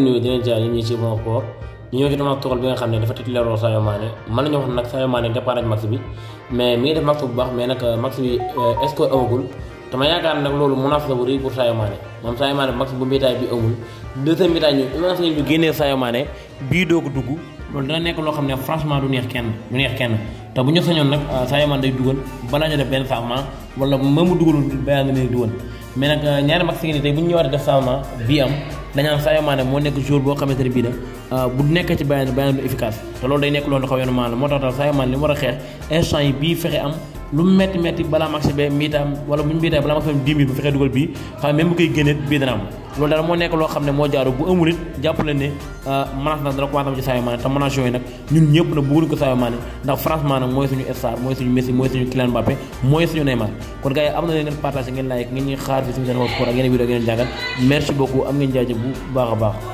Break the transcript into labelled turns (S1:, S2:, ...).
S1: nuyu dinañ jaar yi ñuy ci bon port ñu ñëw ci dama togal bi nga xam ne dafa titulaire lool Sadio Mané mën nañu wax nag Sadio Mané départ nañ max bi mais mi ngi def max bu baax mais nag euh, max bi euh, est-ce que amagul dama yaakaar nag bu rëy bu mbéytaay bi amul deuxième mbéytaay ñu imaginé ñu génnee Sadio bii doog a dugg loolu dana nekk loo xam ne franchement du neex kenn du neex kenn te bu ñu sañoon nag euh, Sadio Mané day dugal balaa ñu def benn changement wala même mu dugalul balaa nga leen dugal mais nag ñaari max yi nii tey bu dañaan Sadio Mané moo nekk jour boo xamante ne bii na euh, bu nekk ci Bayern Bayern bu efficace te loolu day nekk loolu xaw yoonu maa la moo tax daal Sadio Mané li war a xeex instant bii fexe am lu mu metti metti balaa marché be mbiitaam wala bu ñu mbiitaam balaa marché be dix mille bu fexee dugal bii xam ne même bu koy génnee bii dana am loolu dara moo nekk loo xam ne moo jaaru bu amul it jàpp leen ne euh, menace nag dana commencé am ci Sadio Mané te menace yooyu nag ñun ñëpp nag bëgguñu ko Sadio Mané ndax franchement nag mooy suñu star mooy suñu Messi mooy suñu Kylian Mbappé mooy suñu Neymar kon gars yi am na leen ngeen partagé ngeen like ngeen ñuy xaar fi suñu seen sport ak yeneen vidéo ak yeneen jàngat merci beaucoup am ngeen jaajëf bu baax a
S2: baax